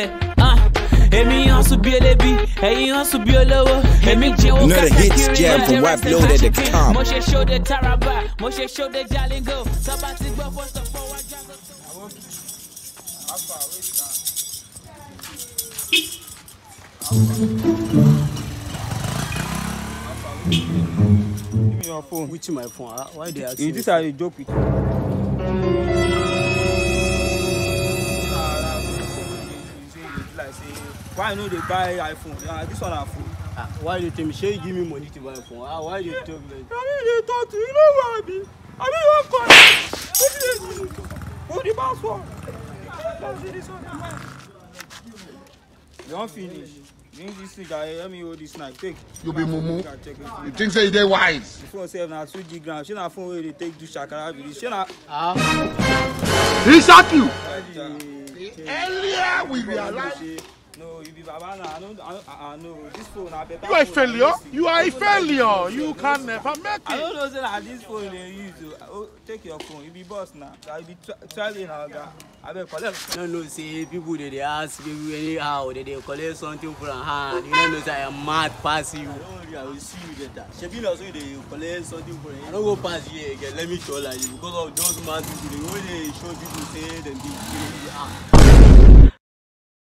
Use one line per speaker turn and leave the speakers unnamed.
kásẹ̀ ah, èmi hàn sùn bí elébi ẹ̀yin hàn sùn olówó èmi jẹ́wọ́ kásẹ̀ kiri ẹ̀jẹ̀ rẹ̀ ṣe mo ṣe ṣóde taraba mo ṣe ṣóde jalingo tọ́ba ti gbọ́ fọ́sọ̀ fọ́ wájà.
Give me your phone. Which my phone? Uh, why they asking? Is this how you joke with? say, why you no dey buy iPhone? Yeah, this one
na phone. Ah, why you tell me shey you give me money to buy phone? Ah, why you tell me?
I mean you dey talk to you know who I be? mean you wan call me? Who be the who the boss one. You don finish. Bring this thing guy, help me hold this knife. Take. You be mumu. You think say you dey wise? The phone sef na two G gram. Shey na phone wey dey take do shakara be this. Shey na. Ah. He sack you earlier we realize. No, you be Baba now. I don't, I know. This phone, I better. You are a failure. You are a failure. You can never make it. I don't know say that this phone they use. Oh, oh take your phone. You be boss now. I be traveling now, guy. I be collect.
No, no. See, people they they ask you anyhow. They they collect something from hand. You don't know say I'm mad past you. Don't worry, I will see you later. Shebi na so they collect something from. I don't go past you again.
Let me show like you because of those mad people. The way they show people say them be. Ah.